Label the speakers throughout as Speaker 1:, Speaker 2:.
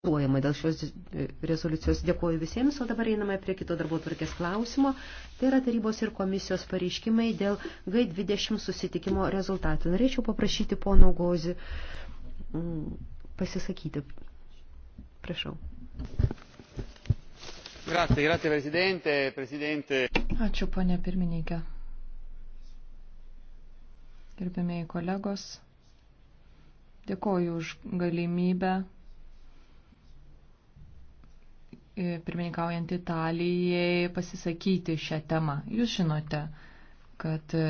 Speaker 1: balsuojama dėl šios e, rezoliucijos. Dėkuoju visiems, o dabar einame prie kito darbo tvarkės klausimo. Tai yra tarybos ir komisijos pareiškimai dėl G20 susitikimo rezultatų. Norėčiau paprašyti pono Gozi mm, pasisakyti. Prašau.
Speaker 2: Grazie, grazie Presidente, Presidente.
Speaker 3: Ačiū, ponė pirmininkė. Gerbėmiai kolegos, dėkoju už galimybę E, pirmininkaujant Italijai pasisakyti šią temą. Jūs žinote, kad e,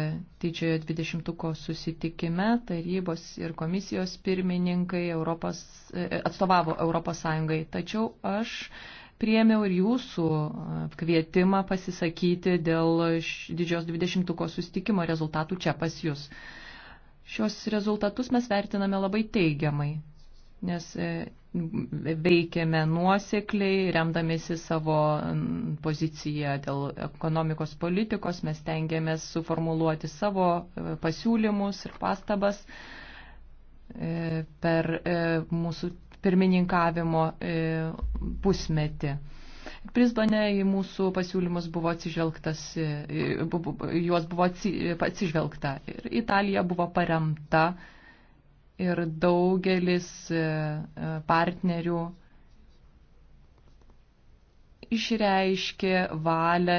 Speaker 3: didžiojo dvidešimtuko susitikime tarybos ir komisijos pirmininkai Europos, e, atstovavo Europos Sąjungai. Tačiau aš priemiau ir jūsų kvietimą pasisakyti dėl didžios dvidešimtuko susitikimo rezultatų čia pas jūs. Šios rezultatus mes vertiname labai teigiamai nes e, veikiame nuosekliai, remdamėsi savo poziciją dėl ekonomikos politikos, mes tengiamės suformuluoti savo e, pasiūlymus ir pastabas e, per mūsų pirmininkavimo pusmetį. Prisbane į mūsų pasiūlymus buvo atsižvelgtas, juos buvo atsižvelgta ir Italija buvo paremta ir daugelis e, e, partnerių išreiškė valią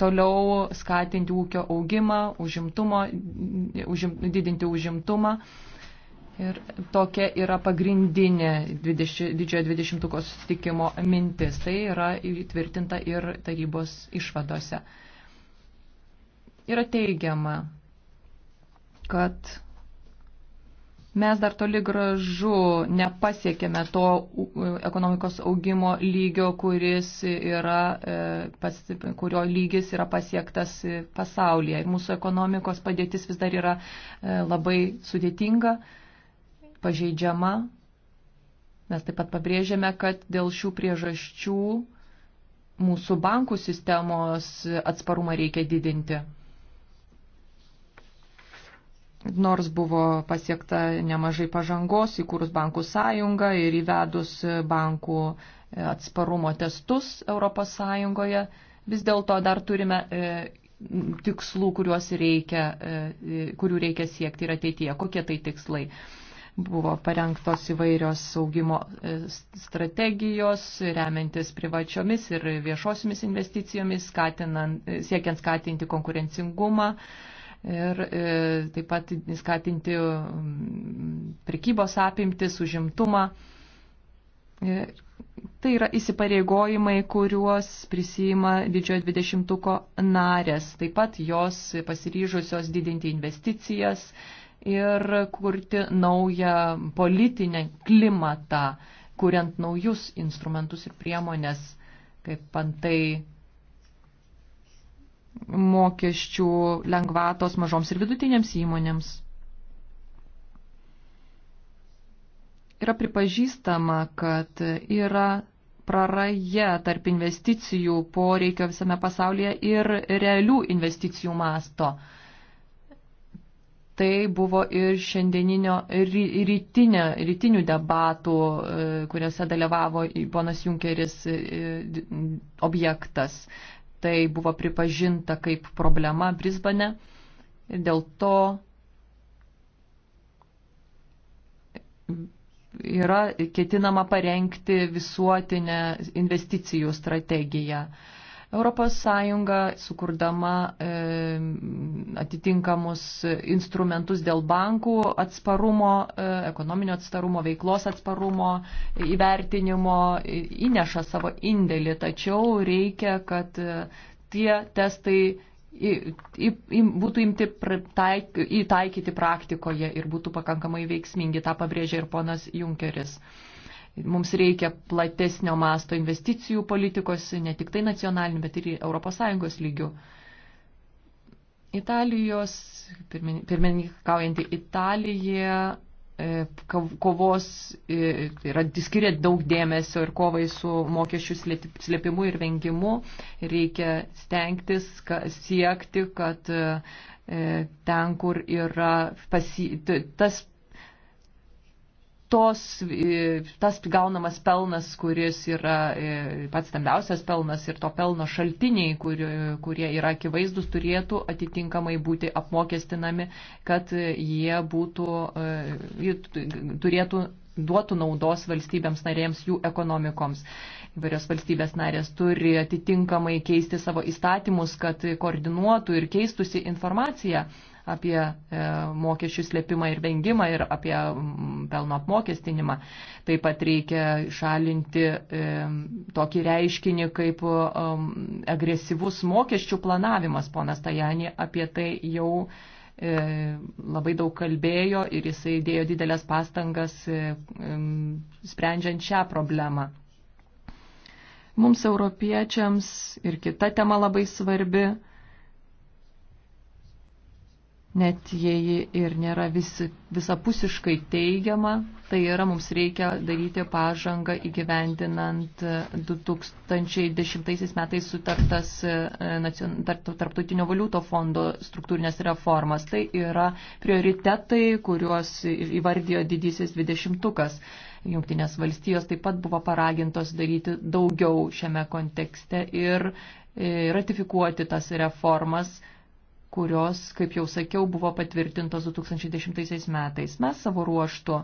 Speaker 3: toliau skatinti ūkio augimą, užimtumo, užim, didinti užimtumą. Ir tokia yra pagrindinė 20, didžiojo 20-ko sustikimo mintis. Tai yra įtvirtinta ir tarybos išvadose. Yra teigiama, kad mes dar toli gražu nepasiekėme to ekonomikos augimo lygio, kuris yra, e, kurio lygis yra pasiektas e, pasaulyje. Ir mūsų ekonomikos padėtis vis dar yra e, labai sudėtinga, pažeidžiama. Mes taip pat pabrėžėme, kad dėl šių priežasčių mūsų bankų sistemos atsparumą reikia didinti. Nors buvo pasiekta nemažai pažangos įkūrus bankų sąjungą ir įvedus bankų e, atsparumo testus ES, vis dėlto dar turime e, tikslų, reikia, e, kurių reikia siekti ir ateityje. Kokie tai tikslai? Buvo parengtos įvairios saugimo strategijos, remiantis privačiomis ir viešosiomis investicijomis, skatinant, siekiant skatinti konkurencingumą ir e, taip pat skatinti prekybos apimtis, užimtumą. E, tai yra įsipareigojimai, kuriuos prisima didžiojo dvidešimtuko narės. Taip pat jos pasiryžusios didinti investicijas ir kurti naują politinę klimatą, kuriant naujus instrumentus ir priemonės, kaip antai mokesčių lengvatos mažoms ir vidutinėms įmonėms. Yra pripažįstama, kad yra praraja tarp investicijų poreikio visame pasaulyje ir realių investicijų masto. Tai buvo ir šiandieninio rytinio, rytinių debatų, e, kuriuose dalyvavo ponas Junkeris e, objektas tai buvo pripažinta kaip problema Brisbane ir dėl to yra ketinama parengti visuotinę investicijų strategiją. ES sukurdama e, atitinkamus instrumentus dėl bankų atsparumo, e, ekonominio atsparumo, veiklos atsparumo, įvertinimo įneša savo indėlį, tačiau reikia, kad e, tie testai į, į, į, būtų imti pritaik, įtaikyti praktikoje ir būtų pakankamai veiksmingi, tą pabrėžia ir ponas Junkeris. Uh, Mums reikia platesnio masto investicijų politikos, ne tik tai nacionalinių, bet ir ES lygių. Italijos, pirmininkaujanti Italija, e, kovos, e, tai yra skiria daug dėmesio ir kovai su mokesčių slėpimu ir vengimu. Reikia stengtis ka, siekti, kad e, ten, kur yra pasi, tas tos, tas gaunamas pelnas, kuris yra pats stambiausias pelnas ir to pelno šaltiniai, kur, kurie yra akivaizdus, turėtų atitinkamai būti apmokestinami, kad jie būtų, e, turėtų duotų naudos valstybėms narėms jų ekonomikoms. Įvairios valstybės narės turi atitinkamai keisti savo įstatymus, kad koordinuotų ir keistusi informaciją apie e, mokesčių slėpimą ir vengimą ir apie pelno apmokestinimą. Taip pat reikia šalinti e, tokį reiškinį kaip e, agresyvus mokesčių planavimas. Ponas Tajani apie tai jau labai daug kalbėjo ir jisai dėjo didelės pastangas sprendžiant šią problemą. Mums europiečiams ir kita tema labai svarbi net jei ji ir nėra visi, visapusiškai teigiama, tai yra mums reikia daryti pažangą įgyvendinant 2010 metais sutartas e, Tarptautinio valiuto fondo struktūrinės reformas. Tai yra prioritetai, kuriuos įvardijo didysis dvidešimtukas. Junktinės valstijos taip pat buvo paragintos daryti daugiau šiame kontekste ir e, ratifikuoti tas reformas kurios, kaip jau sakiau, buvo patvirtintos 2010 metais. Mes savo ruoštų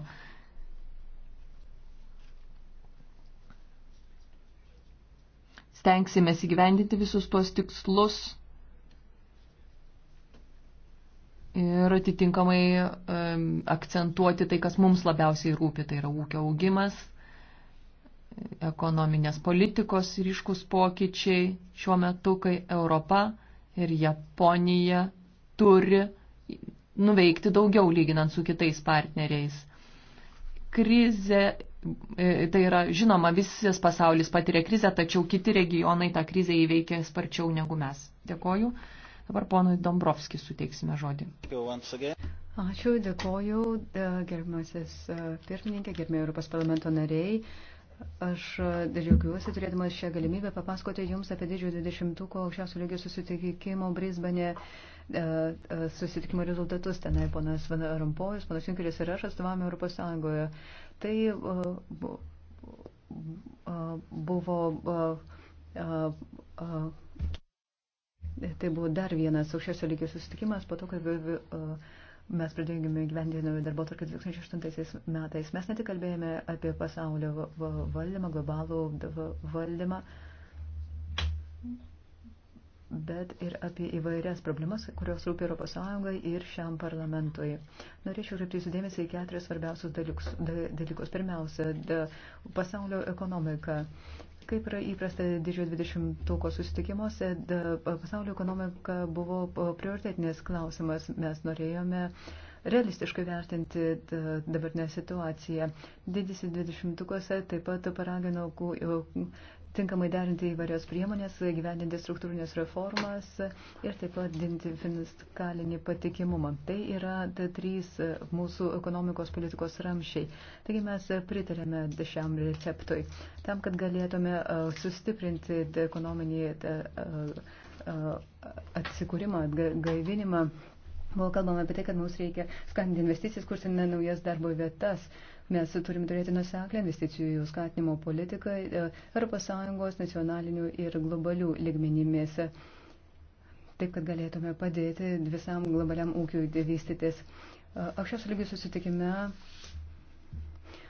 Speaker 3: stengsime įgyvendinti visus tuos tikslus ir atitinkamai um, akcentuoti tai, kas mums labiausiai rūpi, tai yra ūkio augimas, ekonominės politikos ryškus pokyčiai šiuo metu, kai Europa ir Japonija turi nuveikti daugiau lyginant su kitais partneriais. Krize, e, tai yra žinoma, visas pasaulis patiria krizę, tačiau kiti regionai tą krizę įveikia sparčiau negu mes. Dėkoju. Dabar ponui Dombrovskį suteiksime žodį.
Speaker 4: Ačiū, dėkoju, e, gerbiamasis e, pirmininkė, gerbėjai Europos parlamento nariai. Aš e, džiaugiuosi turėdamas šią galimybę papasakoti Jums apie didžiojo 20-ko aukščiausio lygio susitikimo Brisbane e, e, susitikimo rezultatus. Tenai ponas Van Rompojus, ponas Junkeris ir aš atstovavome Europos Sąjungoje. Tai buvo. Tai buvo dar vienas aukščiausio lygio susitikimas po to, kai mes pradėjome gyvendinami darbo tvarkę 2008 metais. Mes ne tik kalbėjome apie pasaulio valdymą, globalų valdymą, bet ir apie įvairias problemas, kurios rūpia Europos Sąjungai ir šiam parlamentui. Norėčiau kreipti sudėmėsi į keturis svarbiausius dalykus. Pirmiausia, pasaulio ekonomika. Kaip yra įprasta didžiojo 20-tuko susitikimuose, pasaulio ekonomika buvo prioritetinis klausimas. Mes norėjome realistiškai vertinti dabartinę situaciją. Didysis 20-tukose taip pat paragino tinkamai derinti įvairios priemonės, gyvendinti struktūrinės reformas ir taip pat dinti fiskalinį patikimumą. Tai yra tai trys mūsų ekonomikos politikos ramšiai. Taigi mes pritarėme šiam receptui. Tam, kad galėtume sustiprinti ekonominį atsikūrimą, gaivinimą, Buvo kalbama apie tai, kad mums reikia skatinti investicijas, kursinti naujas darbo vietas. Mes turime turėti nuseklę investicijų skatinimo politiką e, Europos Sąjungos nacionalinių ir globalių ligmenimis, taip kad galėtume padėti visam globaliam ūkiui vystytis. E, Aukščiausio lygio susitikime e,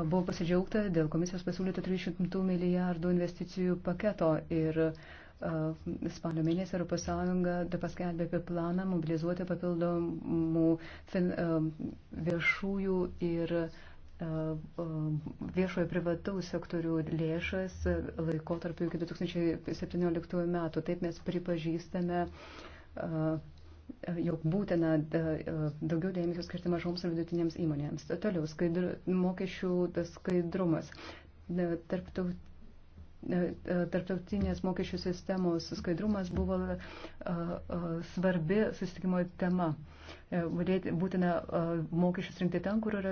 Speaker 4: buvo pasidžiaugta dėl komisijos pasiūlyto 300 milijardų investicijų paketo ir uh, Spalio mėnesį Europos Sąjunga paskelbė apie planą mobilizuoti papildomų fin, viešųjų ir viešojo privataus sektorių lėšas laikotarpiu iki 2017 metų. Taip mes pripažįstame jog būtina daugiau dėmesio skirti mažoms ir vidutinėms įmonėms. Toliau, skaidru, mokesčių skaidrumas. Tarptaut, E, e, tarptautinės mokesčių sistemos skaidrumas buvo e, svarbi susitikimo tema. Būtina mokesčius rinkti ten, kur yra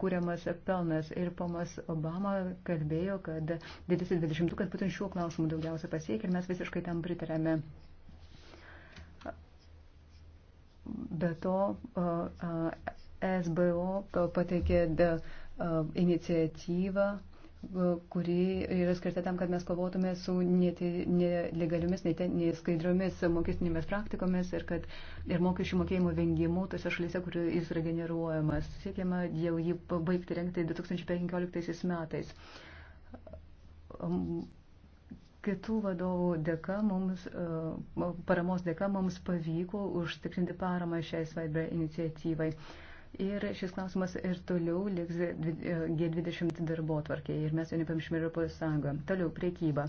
Speaker 4: kūriamas pelnas. Ir pomas Obama kalbėjo, kad didysis 20, kad būtent šiuo klausimu daugiausia pasiekia ir mes visiškai tam pritarėme. Be to, SBO pateikė iniciatyvą kuri yra skirta tam, kad mes kovotume su nelegaliomis, neskaidriomis mokestinėmis praktikomis ir kad ir mokesčių mokėjimo vengimu tose šalyse, kur jis yra generuojamas. Siekiama jau jį baigti renkti 2015 metais. Kitų vadovų dėka mums, paramos dėka mums pavyko užtikrinti paramą šiai svaibai iniciatyvai. Ir šis klausimas ir toliau liks e, G20 darbo tvarkėje ir mes jo nepamiršime Europos Sąjungą. Toliau priekyba.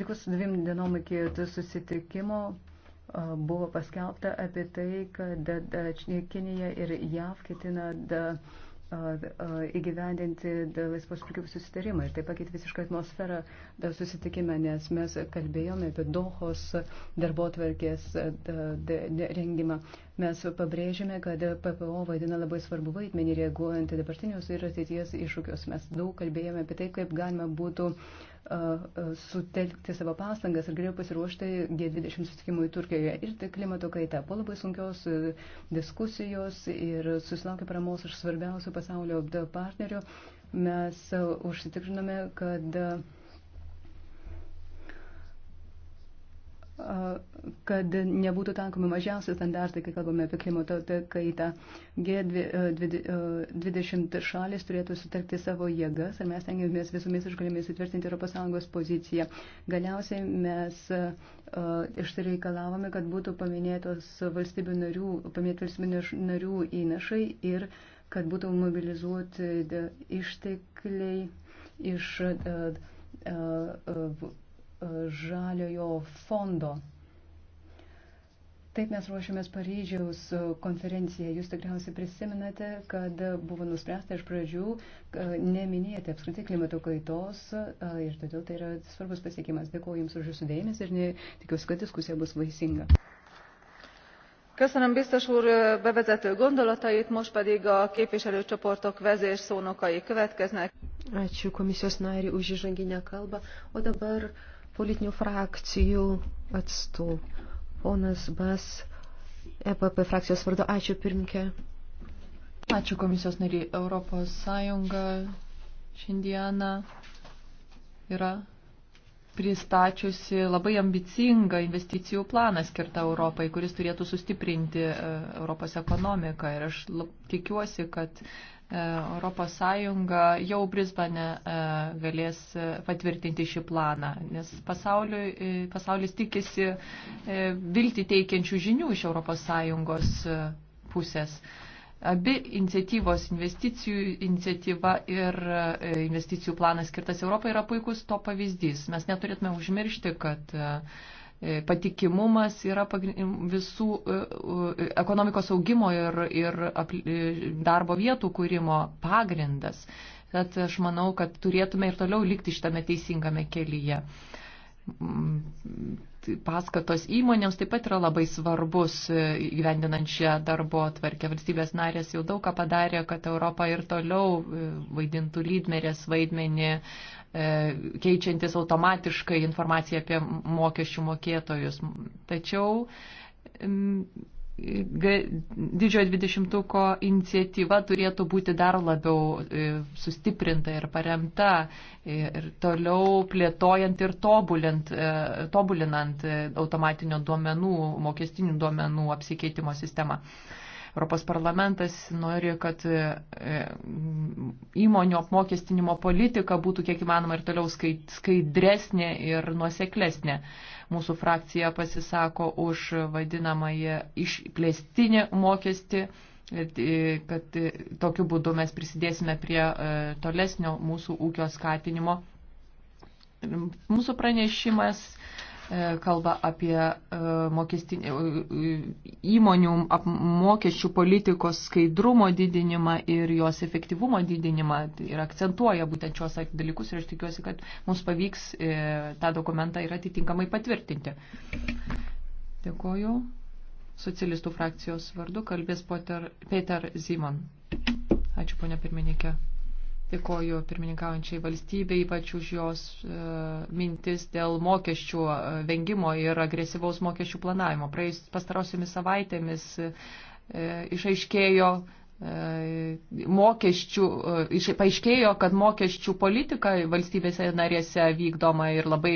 Speaker 4: Likus dviem dienom iki susitikimo e, buvo paskelbta apie tai, kad e, Kinija ir JAV ketina da, įgyvendinti laisvos prekybos susitarimą. Ir tai pakeitė visišką atmosferą susitikime, nes mes kalbėjome apie Dohos darbo tvarkės rengimą. Mes pabrėžėme, kad PPO vaidina labai svarbu vaidmenį reaguojant į dabartinius ir ateities iššūkius. Mes daug kalbėjome apie tai, kaip galima būtų uh, sutelkti savo pastangas ir geriau pasiruošti G20 susitikimui Turkijoje ir tai klimato kaita. Po labai sunkios diskusijos ir susilaukė paramos iš svarbiausių pasaulio partnerių, mes užsitikrinome, kad kad nebūtų tankomi mažiausi standartai, kai kalbame apie klimato kaitą. G20 e, e, šalis turėtų sutelkti savo jėgas ir mes tengiamės visomis išgalėmis įtvirtinti ES poziciją. Galiausiai mes e, išsireikalavome, kad būtų paminėtos valstybių narių, paminėti valstybių narių įnašai ir kad būtų mobilizuoti ištekliai iš. Uh, uh, uh, žaliojo fondo. Taip mes ruošiamės Paryžiaus konferenciją. Jūs tikriausiai prisiminate, kad buvo nuspręsta iš pradžių e, neminėti apskritai klimato kaitos e, ir todėl tai yra svarbus pasiekimas. Dėkuoju Jums už Jūsų dėmesį ir ne, tikiuosi, kad diskusija bus vaisinga.
Speaker 5: Köszönöm biztos úr e, bevezető gondolatait, most pedig a képviselőcsoportok vezér szónokai következnek.
Speaker 1: Ačiū komisijos nariui už įžanginę kalbą, o dabar politinių frakcijų atstovų. Ponas Bas, EPP frakcijos vardu, ačiū pirmke. Ačiū komisijos nariai. Europos Sąjunga
Speaker 3: šiandieną yra pristačiusi labai ambicingą investicijų planą skirtą Europai, kuris turėtų sustiprinti e, Europos ekonomiką. Ir aš tikiuosi, kad E, Europos Sąjunga jau Brisbane e, galės e, patvirtinti šį planą, nes pasaulis tikisi vilti teikiančių žinių iš Europos Sąjungos pusės. Abi iniciatyvos, investicijų iniciatyva ir investicijų planas skirtas Europai yra puikus to pavyzdys. Mes neturėtume užmiršti, kad uh, E, patikimumas yra visų e, e, ekonomikos augimo ir, ir darbo vietų kūrimo pagrindas. Tad aš manau, kad turėtume ir toliau likti šitame teisingame kelyje. Mm, paskatos įmonėms taip pat yra labai svarbus gyvendinant šią darbo atvarkę. Valstybės narės jau daug ką padarė, kad Europa ir toliau vaidintų lydmerės vaidmenį E, keičiantis automatiškai informaciją apie mokesčių mokėtojus. Tačiau didžiojo dvidešimtuko iniciatyva turėtų būti dar labiau e, sustiprinta ir paremta e, ir toliau plėtojant ir tobulint, tobulinant automatinio duomenų, mokestinių duomenų apsikeitimo sistemą. Europos parlamentas nori, kad e, įmonių apmokestinimo politika būtų kiek įmanoma ir toliau skaidresnė ir nuoseklesnė. Mūsų frakcija pasisako už vadinamąją išplėstinį mokestį kad e, e, tokiu būdu mes prisidėsime prie tolesnio mūsų ūkio skatinimo. Mūsų pranešimas uh, E, kalba apie e, mokestinį, e, įmonių mokesčių politikos skaidrumo didinimą ir jos efektyvumo didinimą tai ir akcentuoja būtent šios dalykus ir aš tikiuosi, kad mums pavyks tą dokumentą ir atitinkamai patvirtinti. Dėkoju. Socialistų frakcijos vardu kalbės Peter Zimon. Ačiū, ponia pirmininkė. Dėkoju pirmininkaujančiai valstybei, ypač už jos e, mintis dėl mokesčių e, vengimo ir agresyvaus mokesčių planavimo. Praėjus pastarosiomis savaitėmis e, išaiškėjo e, mokesčių, e, paaiškėjo, kad mokesčių politika valstybėse narėse vykdoma ir labai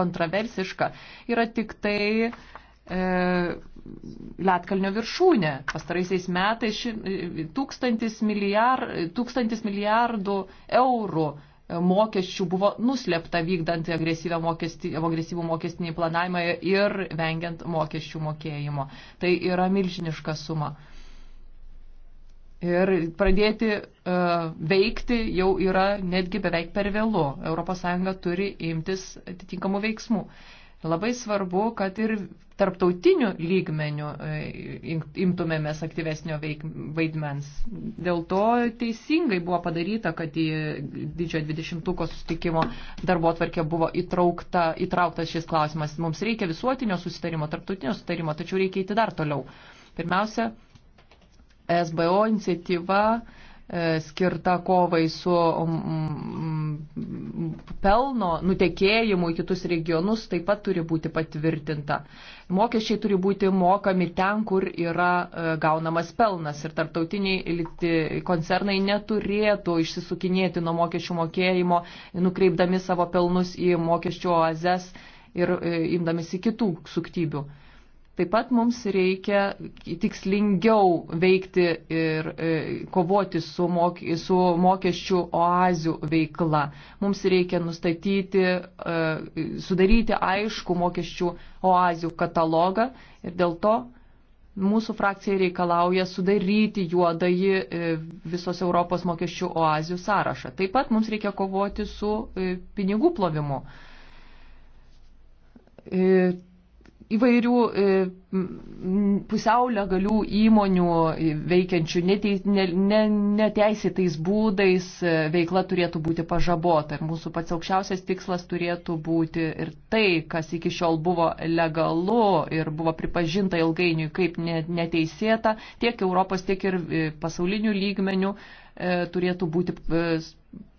Speaker 3: kontraversiška yra tik tai E, Lietkalnio viršūnė. Pastaraisiais metais ši, e, tūkstantis, milijar, tūkstantis milijardų eurų e, mokesčių buvo nuslėpta vykdant agresyvų mokestinį planavimą ir vengiant mokesčių mokėjimo. Tai yra milžiniška suma. Ir pradėti uh, veikti jau yra netgi beveik per vėlu. ES turi imtis atitinkamų veiksmų. Uh, Labai svarbu, kad ir tarptautinių lygmenių e, imtumėmės aktyvesnio vaidmens. Dėl to teisingai buvo padaryta, kad į didžiojo 20-ko sustikimo darbo atvarkė buvo įtraukta, įtrauktas šis klausimas. Mums reikia visuotinio susitarimo, tarptautinio susitarimo, tačiau reikia eiti dar toliau. Pirmiausia, SBO iniciatyva E, skirta kovai su mm, mm, pelno nutekėjimu į kitus regionus taip pat turi būti patvirtinta. Mokesčiai turi būti mokami ten, kur yra e, gaunamas pelnas ir tarptautiniai koncernai neturėtų išsisukinėti nuo mokesčių mokėjimo, nukreipdami savo pelnus į mokesčių oazes ir e, imdamėsi kitų suktybių. Taip pat mums reikia tikslingiau veikti ir e, kovoti su, mok su mokesčių oazių veikla. Mums reikia nustatyti, e, sudaryti aišku mokesčių oazių katalogą ir dėl to mūsų frakcija reikalauja sudaryti juodąjį e, visos Europos mokesčių oazių sąrašą. Taip pat mums reikia kovoti su pinigų plovimu įvairių e, pusiau legalių įmonių veikiančių neteisėtais būdais e, veikla turėtų būti pažabota. Ir mūsų pats aukščiausias tikslas turėtų būti ir tai, kas iki šiol buvo legalu ir buvo pripažinta ilgainiui kaip neteisėta, tiek Europos, tiek ir e, pasaulinių lygmenių turėtų būti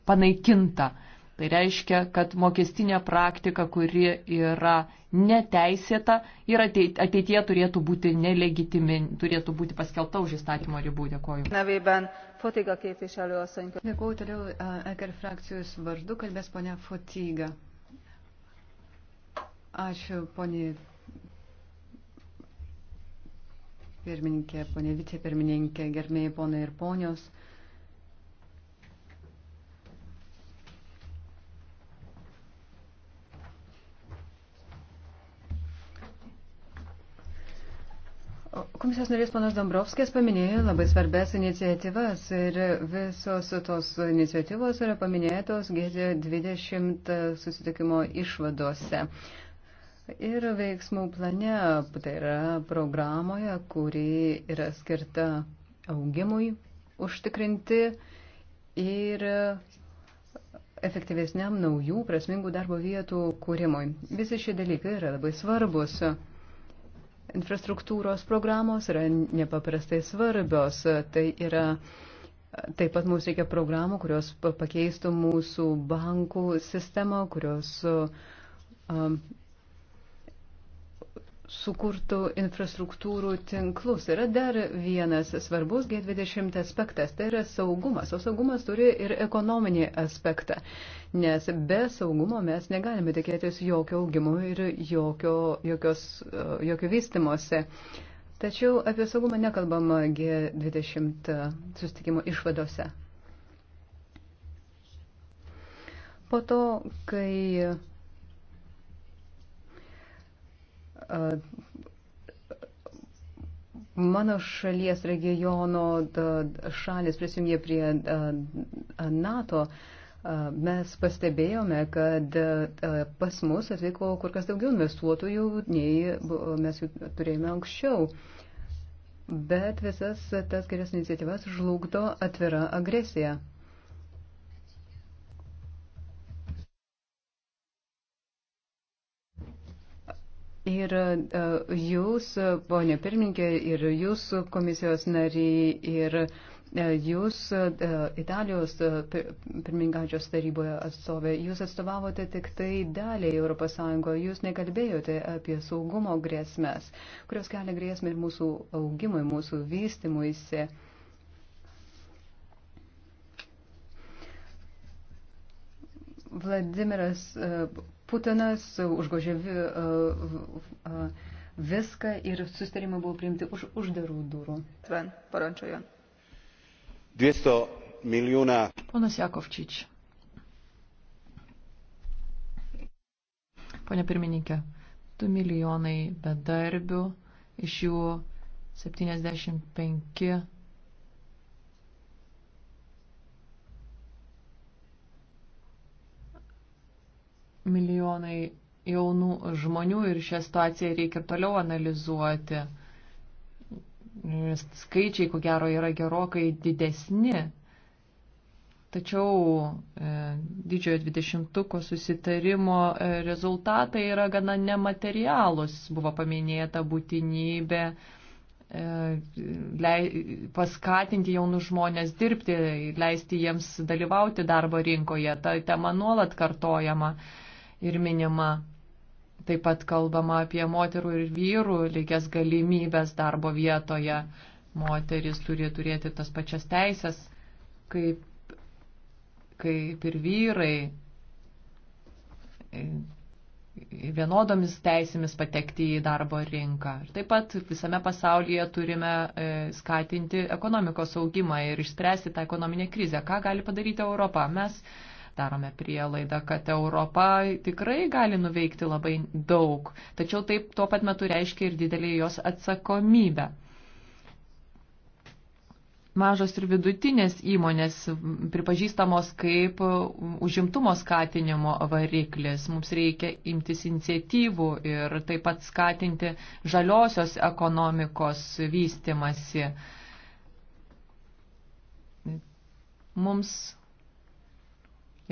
Speaker 3: panaikinta. Tai reiškia, kad mokestinė praktika, kuri yra neteisėta ir ateitie turėtų būti nelegitimi, turėtų būti paskelbta už įstatymo ribų. Dėkoju.
Speaker 5: Dėkoju toliau Eker
Speaker 4: frakcijos vardu, kalbės ponia Fotyga. Ačiū, ponė pirmininkė, ponė vicepirmininkė, gerbėjai ponai ir ponios. Komisijos narys panas Dombrovskis paminėjo labai svarbės iniciatyvas ir visos tos iniciatyvos yra paminėtos G20 susitikimo išvadose. Ir veiksmų plane, tai yra programoje, kuri yra skirta augimui užtikrinti ir efektyvesniam naujų prasmingų darbo vietų kūrimui. Visi šie dalykai yra labai svarbus infrastruktūros programos yra nepaprastai svarbios. Tai yra Taip pat mums reikia programų, kurios pakeistų mūsų bankų sistemą, kurios um, sukurtų infrastruktūrų tinklus. Yra dar vienas svarbus G20 aspektas, tai yra saugumas, o saugumas turi ir ekonominį aspektą nes be saugumo mes negalime tikėtis jokio augimo ir jokio, jokios, e, jokio vystimuose. Tačiau apie saugumą nekalbama G20 sustikimo išvadose. Po to, kai e, mano šalies regiono šalis prisijungė prie NATO, Mes pastebėjome, kad e, pas mus atvyko kur kas daugiau investuotojų, nei mes jų turėjome anksčiau. Bet visas tas geres iniciatyvas žlugdo atvira agresija. Ir e, jūs, ponė pirmininkė, ir jūs komisijos nariai, ir uh, E, jūs e, Italijos e, pirmingaujančios taryboje atstovė, jūs atstovavote tik tai daliai ES, jūs nekalbėjote apie saugumo grėsmės, kurios kelia grėsmę ir mūsų augimui, mūsų vystimuisi. Vladimiras Putinas užgožė viską ir sustarimą buvo priimti už uždarų durų. Sven, parančiojo
Speaker 1: dvjesto milijuna ponas jakovčič
Speaker 3: pone pirmininke du milijonai bedarbių iš jų septyniasdešimt penki milijonai jaunų žmonių ir šią situaciją reikia ir toliau analizuoti skaičiai, ko gero, yra gerokai didesni. Tačiau e, didžiojo 20-ko susitarimo e, rezultatai yra gana nematerialūs. Buvo paminėta būtinybė e, lei, paskatinti jaunus žmonės dirbti, leisti jiems dalyvauti darbo rinkoje. Ta tema nuolat kartojama ir minima. Taip pat kalbama apie moterų ir vyrų lygias galimybės darbo vietoje. Moteris turi turėti tas pačias teisės kaip, kaip ir vyrai e, vienodomis teisėmis patekti į darbo rinką. Ir taip pat visame pasaulyje turime e, skatinti ekonomikos augimą ir išspręsti tą ekonominę krizę. Ką gali padaryti Europą? Mes Darome prielaidą, kad Europa tikrai gali nuveikti labai daug, tačiau taip tuo pat metu reiškia ir didelį jos atsakomybę. Mažos ir vidutinės įmonės pripažįstamos kaip užimtumo skatinimo variklis. Mums reikia imtis iniciatyvų ir taip pat skatinti žaliosios ekonomikos vystimasi mums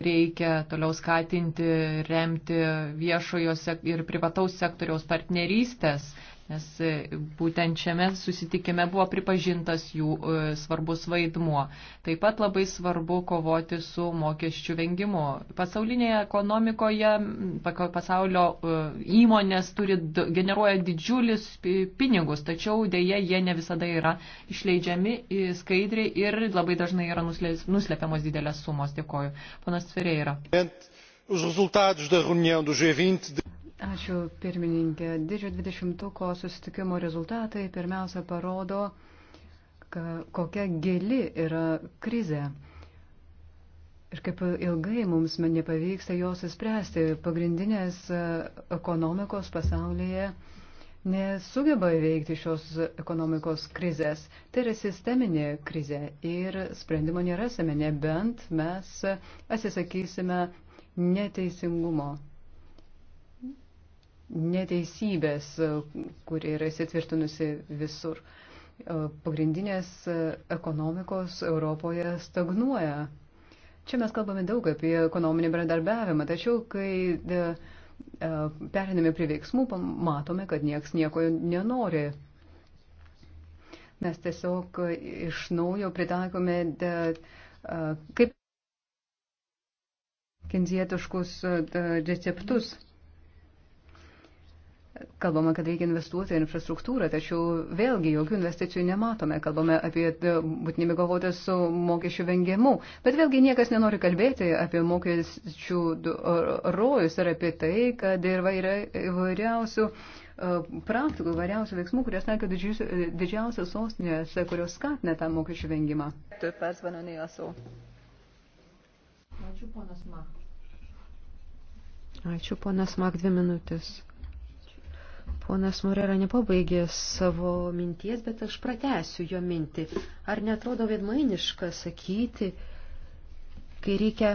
Speaker 3: reikia toliau skatinti, remti viešojo ir privataus sektoriaus partnerystės, nes e, būtent šiame susitikime buvo pripažintas jų e, svarbus vaidmuo. Taip pat labai svarbu kovoti su mokesčių vengimu. Pasaulinėje ekonomikoje pasaulio e, įmonės turi, generuoja didžiulis pinigus, tačiau dėje jie ne visada yra išleidžiami skaidriai ir labai dažnai yra nuslepiamos didelės sumos. Dėkoju. Panas
Speaker 4: Ferreira.
Speaker 2: Os resultados da reunião do G20
Speaker 4: Ačiū, pirmininkė. Didžio 20-ko susitikimo rezultatai pirmiausia parodo, kokia gili yra krizė. Ir kaip ilgai mums nepavyksta jos įspręsti, pagrindinės e, ekonomikos pasaulyje nesugeba įveikti šios ekonomikos krizės. Tai yra sisteminė krizė ir sprendimo nerasime, nebent mes e, atsisakysime neteisingumo neteisybės, kuri yra įsitvirtinusi visur. Pagrindinės ekonomikos Europoje stagnuoja. Čia mes kalbame daug apie ekonominį bendradarbiavimą, tačiau kai e, e, periname prie veiksmų, matome, kad nieks nieko nenori. Mes tiesiog iš naujo pritaikome, de, e, kaip kinzietiškus receptus. Mm. Kalbama, kad reikia investuoti į infrastruktūrą, tačiau vėlgi jokių investicijų nematome. Kalbame apie e, būtinybę kovoti su mokesčių vengimu. Bet vėlgi niekas nenori kalbėti apie mokesčių rojus ir apie tai, kad yra įvairiausių e, praktikų, įvairiausių veiksmų, kurias taiko e, didžiausios sostinės, kurios skatina tą mokesčių vengimą.
Speaker 5: Ačiū, ponas Mak.
Speaker 4: Ačiū, ponas Mak, dvi minutės.
Speaker 1: Ponas Morera nepabaigė savo minties, bet aš pratęsiu jo mintį. Ar netrodo vienmainiška sakyti, kai reikia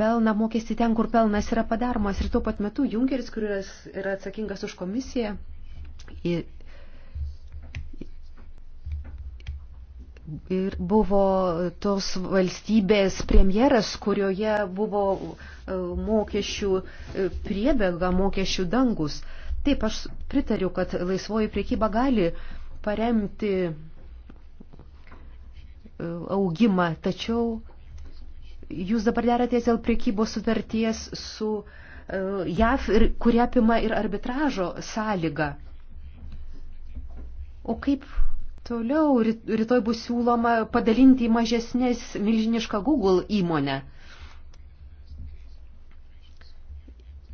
Speaker 1: pelną mokestį ten, kur pelnas yra padaromas ir tuo pat metu Junkeris, kuris yra atsakingas už komisiją, ir, ir buvo tos valstybės premjeras, kurioje buvo e, mokesčių e, priebėga, mokesčių dangus. Taip, aš pritariu, kad laisvoji priekyba gali paremti e, augimą, tačiau jūs dabar deratės dėl priekybos sutarties su e, JAV, kurie apima ir arbitražo sąlygą. O kaip toliau rytoj bus siūloma padalinti į mažesnės milžinišką Google įmonę?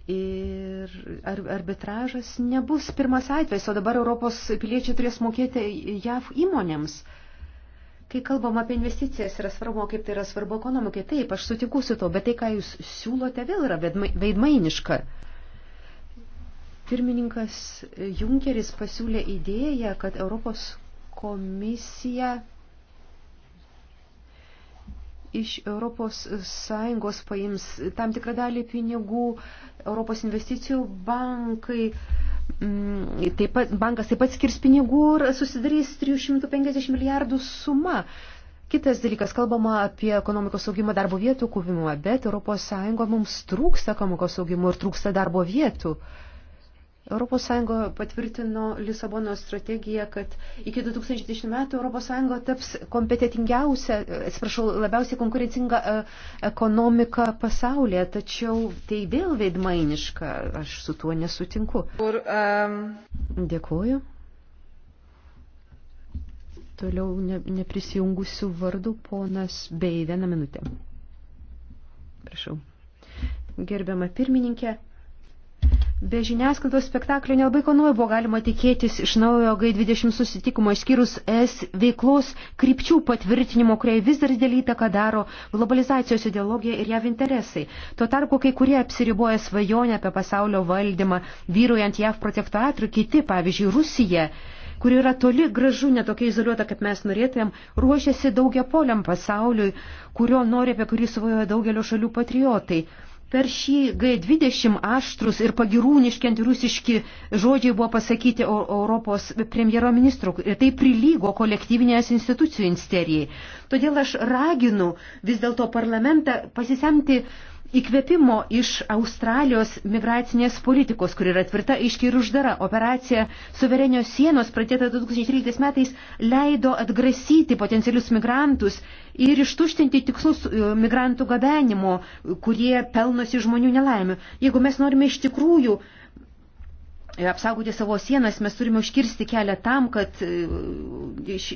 Speaker 1: Ir ar, arbitražas nebus pirmas atvejs, o dabar Europos piliečiai turės mokėti JAV įmonėms. Kai kalbam apie investicijas, yra svarbu, kaip tai yra svarbu ekonomikai. Taip, aš sutinku su to, bet tai, ką jūs siūlote, vėl yra veidmainiška. Pirmininkas Junkeris pasiūlė idėją, kad Europos komisija iš ES paims tam tikrą dalį pinigų, Europos investicijų bankai, mm, taip pat, bankas taip pat skirs pinigų ir susidarys 350 milijardų suma. Kitas dalykas, kalbama apie ekonomikos augimą darbo vietų kūvimą, bet ES mums trūksta ekonomikos augimo ir trūksta darbo vietų. Uh, ES patvirtino Lisabono strategiją, kad iki 2010 metų ES taps kompetitingiausia, atsiprašau, labiausiai konkurencinga e, ekonomika pasaulyje, tačiau tai vėl veidmainiška, aš su tuo nesutinku.
Speaker 5: Kur, um...
Speaker 1: Dėkuoju. Toliau ne, neprisijungusių vardų ponas Bei, vieną minutę. Prašau. Gerbiama pirmininkė. Be žiniasklaidos spektaklio nelabai ko naujo buvo galima tikėtis iš naujo G20 susitikimo išskyrus es veiklos krypčių patvirtinimo, kurie vis dar didelį įtaką daro globalizacijos ideologija ir jav interesai. Tuo tarpu kai kurie apsiriboja svajonę apie pasaulio valdymą, vyrojant jav protektoratų, kiti, pavyzdžiui, Rusija kuri yra toli gražu, netokia izoliuota, kaip mes norėtumėm, ruošiasi daugia poliam pasauliui, kurio nori apie kurį svajoja daugelio šalių patriotai. Per šį G20 aštrus ir pagirūniški antirusiški žodžiai buvo pasakyti Europos premjero ministro ir tai prilygo kolektyvinės institucijų insterijai. Todėl aš raginu vis dėlto parlamentą pasisemti uh, įkvėpimo iš Australijos migracinės politikos, kur yra tvirta, aiškiai ir uždara. Operacija suverenios sienos, pradėta 2013 metais, leido atgrasyti potencialius migrantus ir ištuštinti tikslus e, migrantų gabenimo, kurie pelnosi žmonių nelaimių. Jeigu mes norime iš tikrųjų uh, E, apsaugoti savo sienas, mes turime užkirsti kelią tam, kad e, iš,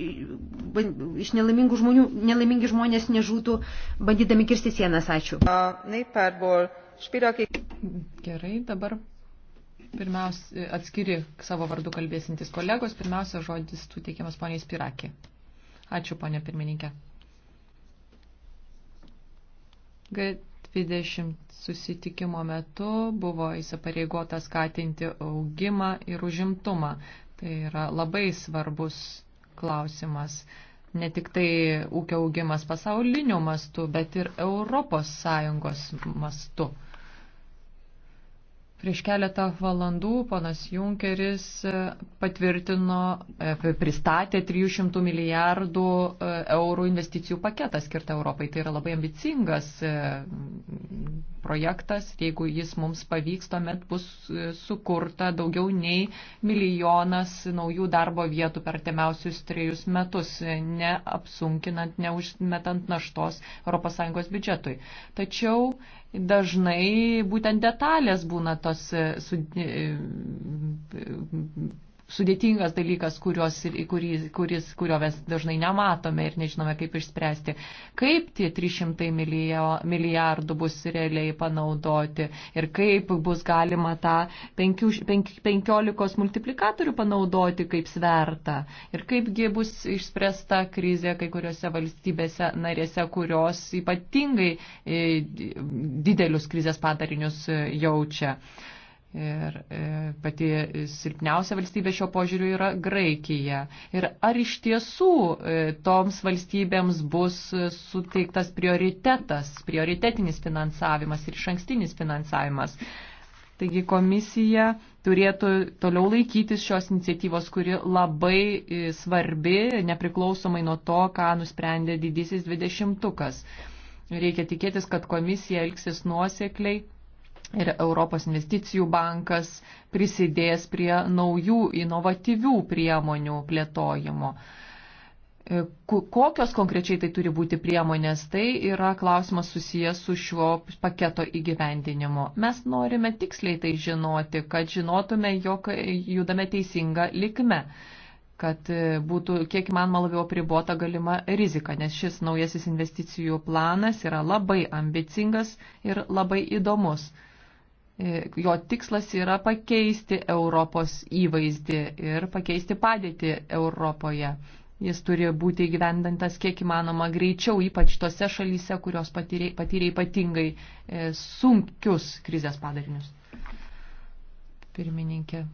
Speaker 1: iš nelaimingų žmonių, nelaimingi žmonės nežūtų bandydami kirsti sienas. Ačiū. Gerai, dabar pirmiausia
Speaker 3: atskiri savo vardu kalbėsintis kolegos. Pirmiausia, žodis tu teikiamas poniai Spirakė. Ačiū, ponė pirmininkė. Good 20 susitikimo metu buvo įsipareigota skatinti augimą ir užimtumą. Tai yra labai svarbus klausimas. Ne tik tai ūkio augimas pasauliniu mastu, bet ir Europos Sąjungos mastu. Prieš keletą valandų ponas Junkeris e, patvirtino, e, pristatė 300 milijardų e, eurų investicijų paketą skirtą Europai. Tai yra labai ambicingas projektas. Jeigu jis mums pavyks, tuomet bus sukurta daugiau nei milijonas naujų darbo vietų per temiausius trejus metus, neapsunkinant, neužmetant naštos ES biudžetui. Tačiau dažnai būtent detalės būna tos su, e, sudėtingas dalykas, kurios, kuris, kuris, kurio mes dažnai nematome ir nežinome, kaip išspręsti. Kaip tie 300 milijardų bus realiai panaudoti ir kaip bus galima tą 15 multiplikatorių panaudoti kaip svertą ir kaipgi bus išspręsta krizė kai kuriuose valstybėse narėse, kurios ypatingai e, didelius krizės padarinius e, jaučia. Ir e, pati silpniausia valstybė šio požiūriu yra Graikija. Ir ar iš tiesų e, toms valstybėms bus suteiktas prioritetas, prioritetinis finansavimas ir iš ankstinis finansavimas? Taigi komisija turėtų toliau laikytis šios iniciatyvos, kuri labai e, svarbi, nepriklausomai nuo to, ką nusprendė didysis dvidešimtukas. Reikia tikėtis, kad komisija elgsis nuosekliai ir Europos investicijų bankas prisidės prie naujų inovatyvių priemonių plėtojimo. E, kokios konkrečiai tai turi būti priemonės, tai yra klausimas susijęs su šiuo paketo įgyvendinimu. Mes norime tiksliai tai žinoti, kad žinotume, jog judame teisinga likme kad e, būtų kiek įmanoma labiau apribota galima rizika, nes šis naujasis investicijų planas yra labai ambicingas ir labai įdomus. E, jo tikslas yra pakeisti Europos įvaizdį ir pakeisti padėtį Europoje. Jis turi būti įgyvendintas kiek įmanoma greičiau, ypač tose šalyse, kurios patyrė, patyrė ypatingai e, sunkius krizės padarinius. Pirmininkė,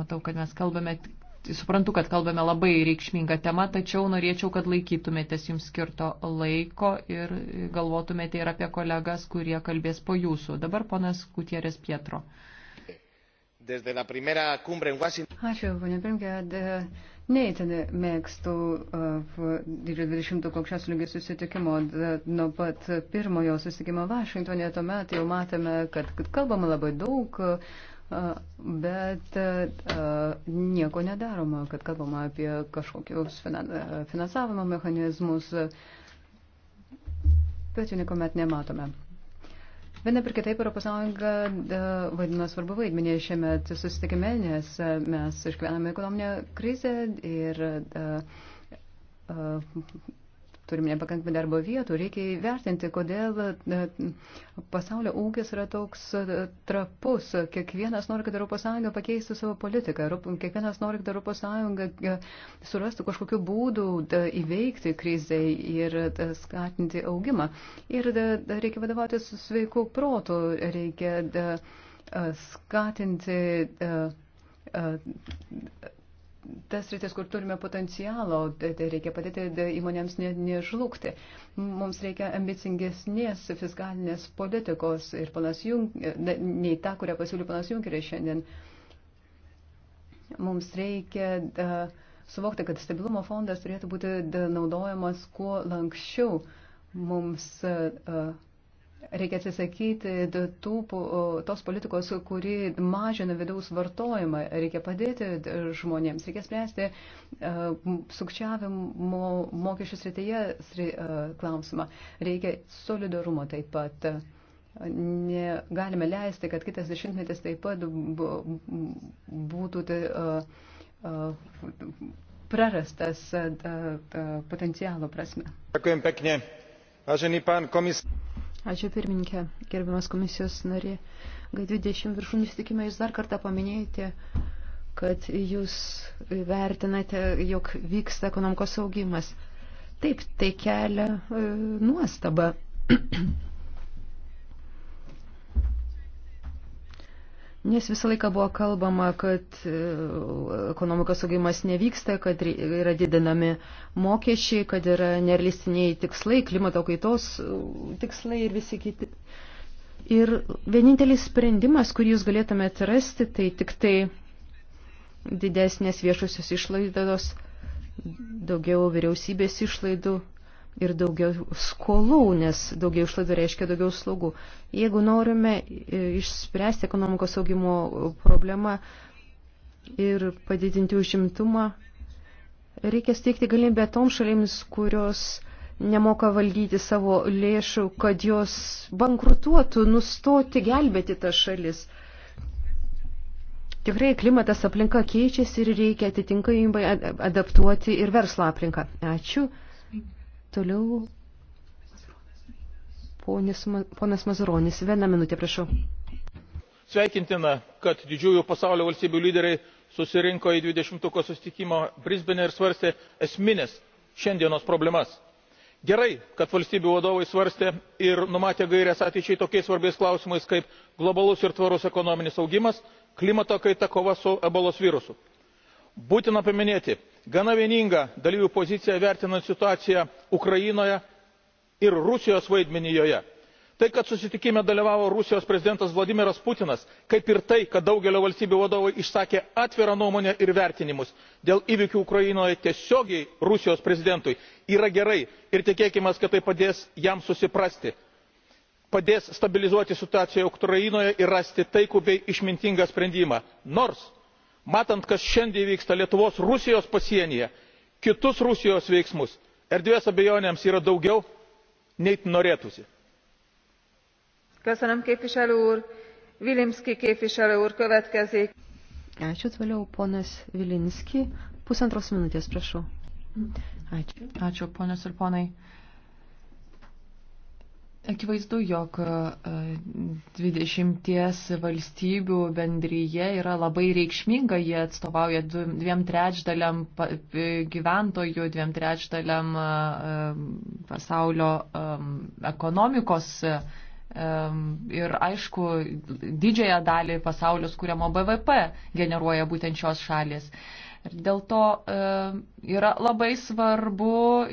Speaker 3: matau, kad mes kalbame suprantu, kad kalbame labai reikšmingą temą, tačiau norėčiau, kad laikytumėtės jums skirto laiko ir galvotumėte ir apie
Speaker 4: kolegas, kurie kalbės po jūsų. Dabar ponas Gutierės Pietro.
Speaker 2: Ačiū,
Speaker 4: ponė Pirmke. Neįtin mėgstu uh, 20 kokščios lygio susitikimo nuo pat pirmojo susitikimo Vašingtonė. Tuomet jau matėme, kad, kad kalbama labai daug. Uh, bet nieko nedaroma, kad kalbama apie kažkokius finansavimo mechanizmus, bet jų niekuomet nematome. Viena per kitaip Europos Sąjunga vaidina svarbu vaidmenį šiame susitikime, nes mes išgyvename ekonominę krizę ir da, a, turime nepakankamai darbo vietų, reikia įvertinti, kodėl e, pasaulio ūkis yra toks e, trapus. Kiekvienas nori, kad ES pakeistų savo politiką, kiekvienas nori, kad ES e, surastų kažkokiu būdu įveikti krizai ir skatinti augimą. Ir reikia vadovautis sveiku protu, reikia skatinti. Uh, uh, tas rytis, kur turime potencialo, tai, tai reikia padėti tai įmonėms nežlugti. Mums reikia ambicingesnės fiskalinės politikos ir panas Junkeris, nei tą, kurią pasiūlė panas Junkeris šiandien. Mums reikia da, suvokti, kad stabilumo fondas turėtų būti da, naudojamas kuo lankščiau. Mums. Da, Reikia atsisakyti tų, tos politikos, kuri mažina vidaus vartojimą. Reikia padėti žmonėms. Reikia spręsti uh, sukčiavimo mokesčių srityje sri, uh, klausimą. Reikia solidarumo taip pat. Negalime leisti, kad kitas dešimtmetis taip pat būtų uh, prarastas potencialo prasme.
Speaker 2: Dėkuojam pekne. Vážený pán komisár.
Speaker 1: Ačiū pirmininkė, gerbiamas komisijos narė. G20 viršūnį sutikime jūs dar kartą paminėjote, kad jūs vertinate, jog vyksta ekonomikos augimas. Taip, tai kelia e, nuostabą. Nes visą laiką buvo kalbama, kad e, ekonomikos augimas nevyksta, kad yra didinami mokesčiai, kad yra nerealistiniai tikslai, klimato kaitos e, tikslai ir visi kiti. Ir vienintelis sprendimas, kurį jūs galėtumėte rasti, tai tik tai didesnės viešosios išlaidos, daugiau vyriausybės išlaidų ir daugiau skolų, nes daugiau išlaidų reiškia daugiau slaugų. Jeigu norime e, išspręsti ekonomikos augimo problemą ir padidinti užimtumą, reikia steigti galimybę toms šalims, kurios nemoka valdyti savo lėšų, kad jos bankrutuotų, nustoti gelbėti tas šalis. Tikrai klimatas aplinka keičiasi ir reikia atitinkamai adaptuoti ir verslo aplinką. Ačiū. Toliau ponis, ponas Mazuronis. Vieną minutę, prašau.
Speaker 2: Sveikintina, kad didžiųjų pasaulio valstybių lyderiai susirinko į dvidešimtuko susitikimą brisbane ir svarstė esmines šiandienos problemas. gerai kad valstybių vadovai svarstė ir numatė gaires ateičiai tokiais svarbiais klausimais kaip globalus ir tvarus ekonominis augimas klimato kaita kova su ebolos virusu. būtina paminėti gana vieningą dalyvių poziciją vertinant situaciją ukrainoje ir rusijos vaidmenį joje. tai kad susitikime dalyvavo rusijos prezidentas vladimiras putinas kaip ir tai kad daugelio valstybių vadovai išsakė atvirą nuomonę ir vertinimus dėl įvykių ukrainoje tiesiogiai rusijos prezidentui yra gerai ir tikėkimės kad tai padės jam susiprasti padės stabilizuoti situaciją ukrainoje ir rasti taikų bei išmintingą sprendimą nors matant kas šiandien vyksta lietuvos rusijos pasienyje kitus rusijos veiksmus erdvės abejonėms yra daugiau nei norėtųsi.
Speaker 1: Ačiū toliau, ponas Vilinski. Pusantros minutės, prašau. Ačiū. Ačiū, ponios ir ponai. Akivaizdu,
Speaker 3: jog 20 e, valstybių bendryje yra labai reikšminga, jie atstovauja dviem trečdaliam e, gyventojų, dviem trečdaliam e, pasaulio ekonomikos ir aišku, didžiąją dalį pasaulio skūriamo BVP generuoja būtent šios šalis. Ir dėl to e, yra labai svarbu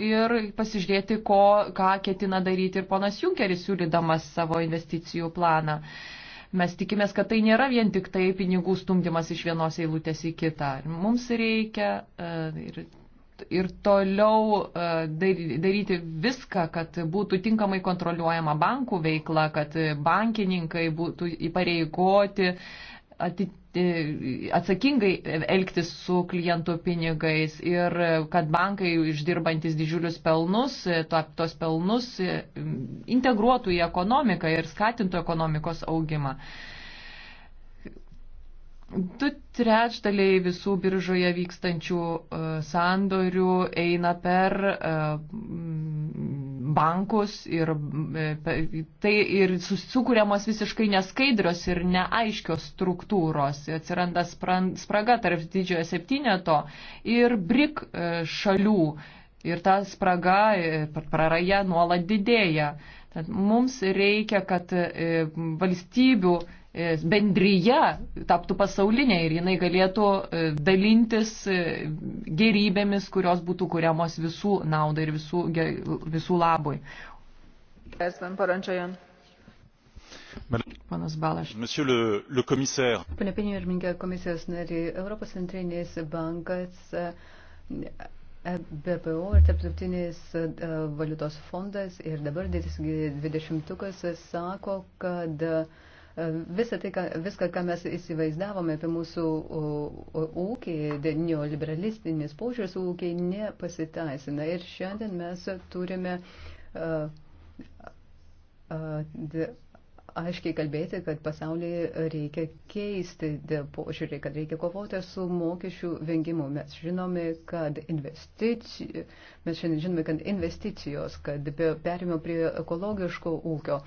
Speaker 3: ir pasižiūrėti, ko, ką ketina daryti ir ponas Junkeris siūlydamas savo investicijų planą. Mes tikimės, kad tai nėra vien tik tai pinigų stumdymas iš vienos eilutės į kitą. Mums reikia e, ir, ir toliau e, daryti viską, kad būtų tinkamai kontroliuojama bankų veikla, kad bankininkai būtų įpareigoti e, E, atsakingai elgtis su klientų pinigais ir kad bankai išdirbantis didžiulius pelnus, e, to, tos pelnus e, integruotų į ekonomiką ir skatintų ekonomikos augimą. Du trečdaliai visų biržoje vykstančių sandorių eina per bankus ir, e, tai, ir sukūriamos visiškai neskaidrios ir neaiškios struktūros. Atsiranda spraga tarp didžiojo septyneto ir BRIC e, šalių. Ir ta spraga, e, praraja nuolat didėja. Tad mums reikia, kad valstybių E, bendryje taptų pasaulinė ir jinai galėtų e, dalintis e, gerybėmis, kurios būtų kuriamos visų naudai ir visų, visų labui. Panas Balaš.
Speaker 5: Pane pirmininkė,
Speaker 4: komisijos nariai, Europos centrinės bankas, BPO ir Tarptautinis valiutos fondas ir dabar 20-tukas sako, kad uh, Visą tai, ką, viską, ką mes įsivaizdavome apie mūsų ūkį, neoliberalistinis požiūris ūkį nepasiteisina. Ir šiandien mes turime. Uh, uh, aiškiai kalbėti, kad pasaulyje reikia keisti požiūrį, kad reikia kovoti su mokesčių vengimu. Mes žinome, kad, investici... mes žinome, kad investicijos, kad perėmio prie ekologiško ūkio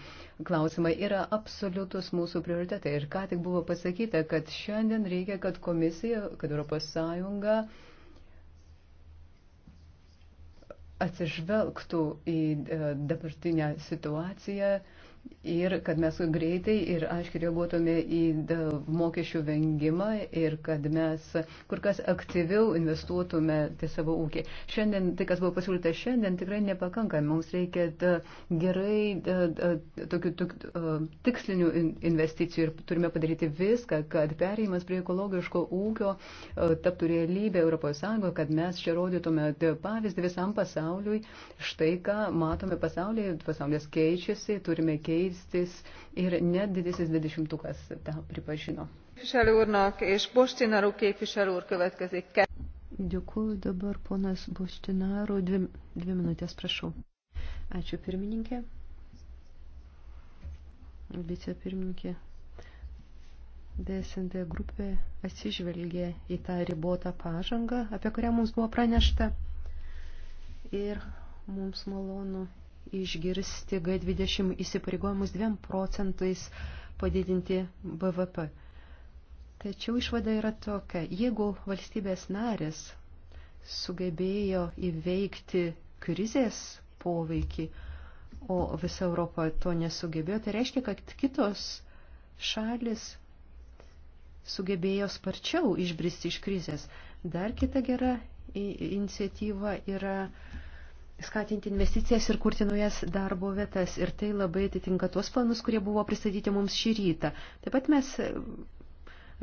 Speaker 4: klausimai yra absoliutus mūsų prioritetai. Ir ką tik buvo pasakyta, kad šiandien reikia, kad komisija, kad Europos Sąjunga atsižvelgtų į e, dabartinę situaciją ir kad mes greitai ir aiškiai reaguotume į mokesčių vengimą ir kad mes kur kas aktyviau investuotume į savo ūkį. Šiandien tai, kas buvo pasiūlyta šiandien, tikrai nepakanka. Mums reikia da, gerai da, da, tokių tok, tikslinių investicijų ir turime padaryti viską, kad perėjimas prie ekologiško ūkio taptų realybė ES, kad mes čia rodytume pavyzdį visam pasauliui. Štai ką matome pasaulyje, pasaulis keičiasi, turime keisti keistis ir net didysis dvidešimtukas tą pripažino. Dėkuoju dabar ponas Boštinaru.
Speaker 1: Dvi, dvi minutės, prašau. Ačiū pirmininkė. Vicepirmininkė. DSND grupė atsižvelgė į tą ribotą pažangą, apie kurią mums buvo pranešta. Ir mums malonu išgirsti G20 įsipareigojimus 2 procentais padidinti BVP. Tačiau išvada yra tokia, jeigu valstybės narės sugebėjo įveikti krizės poveikį, o visa Europa to nesugebėjo, tai reiškia, kad kitos šalis sugebėjo sparčiau išbristi iš krizės. Dar kita gera iniciatyva yra uh, skatinti investicijas ir kurti naujas darbo vietas. Ir tai labai atitinka tuos planus, kurie buvo pristatyti mums šį rytą. Taip pat mes e,